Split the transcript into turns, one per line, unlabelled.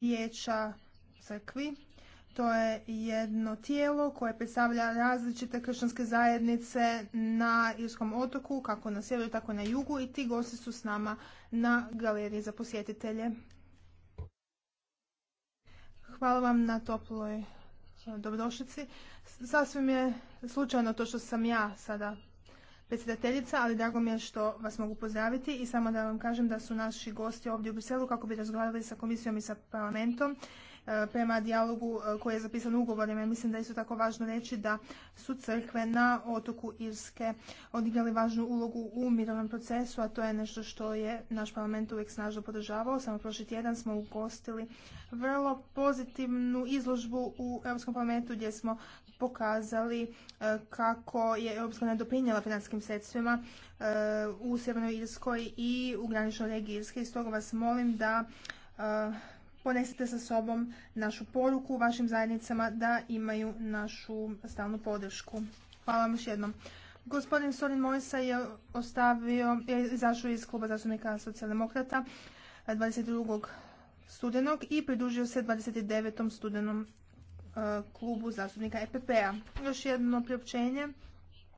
vijeća crkvi. To je jedno tijelo koje predstavlja različite kršćanske zajednice na Irskom otoku, kako na sjeveru, tako i na jugu i ti gosti su s nama na galeriji za posjetitelje. Hvala vam na toploj e, dobrodošlici. Sasvim je slučajno to što sam ja sada predsjedateljica, ali drago mi je što vas mogu pozdraviti i samo da vam kažem da su naši gosti ovdje u Briselu kako bi razgovarali sa komisijom i sa parlamentom E, prema dijalogu e, koji je zapisan ugovorima. mislim da je isto tako važno reći da su crkve na otoku Irske odigrali važnu ulogu u mirovnom procesu, a to je nešto što je naš parlament uvijek snažno podržavao. Samo prošli tjedan smo ugostili vrlo pozitivnu izložbu u Europskom parlamentu gdje smo pokazali e, kako je Europska ne doprinjela financijskim sredstvima u Sjevernoj Irskoj i u graničnoj regiji Irske. I stoga vas molim da ponesite sa sobom našu poruku u vašim zajednicama da imaju našu stalnu podršku. Hvala vam još jednom. Gospodin Sorin Mojsa je ostavio, je izašao iz kluba zastupnika socijaldemokrata 22. Eh, studenog i pridružio se 29. studenom eh, klubu zastupnika EPP-a. Još jedno priopćenje.